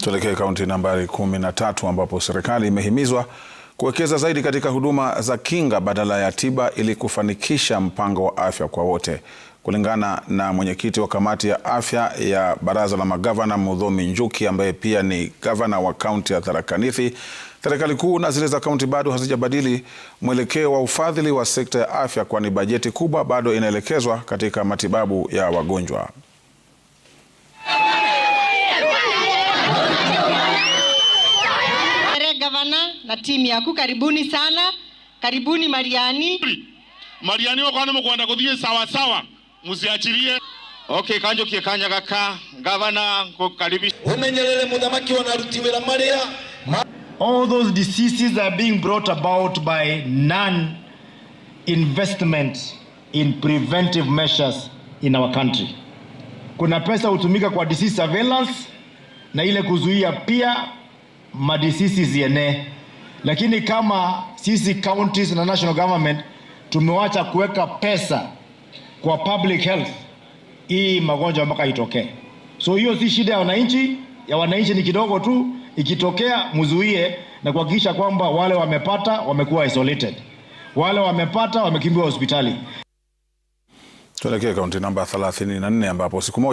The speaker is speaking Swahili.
Tuelekee kaunti nambari kumi na tatu ambapo serikali imehimizwa kuwekeza zaidi katika huduma za kinga badala ya tiba ili kufanikisha mpango wa afya kwa wote. Kulingana na mwenyekiti wa kamati ya afya ya baraza la magavana Mudhomi Njuki, ambaye pia ni gavana wa kaunti ya Tharaka Nithi, serikali kuu na zile za kaunti bado hazijabadili mwelekeo wa ufadhili wa sekta ya afya, kwani bajeti kubwa bado inaelekezwa katika matibabu ya wagonjwa. na timu yaku karibuni sana karibuni mariani mariani wako wakwana mukwenda kuthie sawa sawa musiachirie okay kanjo kie kanya kaka, gavana kukaribisha umenyerere muthamaki la maria all those diseases are being brought about by non investment in preventive measures in our country. Kuna pesa hutumika kwa disease surveillance na ile kuzuia pia madisisi zienee. Lakini kama sisi counties na national government tumewacha kuweka pesa kwa public health, hii magonjwa mpaka itokee. So hiyo si shida ya wananchi, ya wananchi ni kidogo tu. Ikitokea mzuie na kuhakikisha kwamba wale wamepata wamekuwa isolated, wale wamepata wamekimbiwa hospitali. Tuelekee kaunti namba 34 ambapo siku moja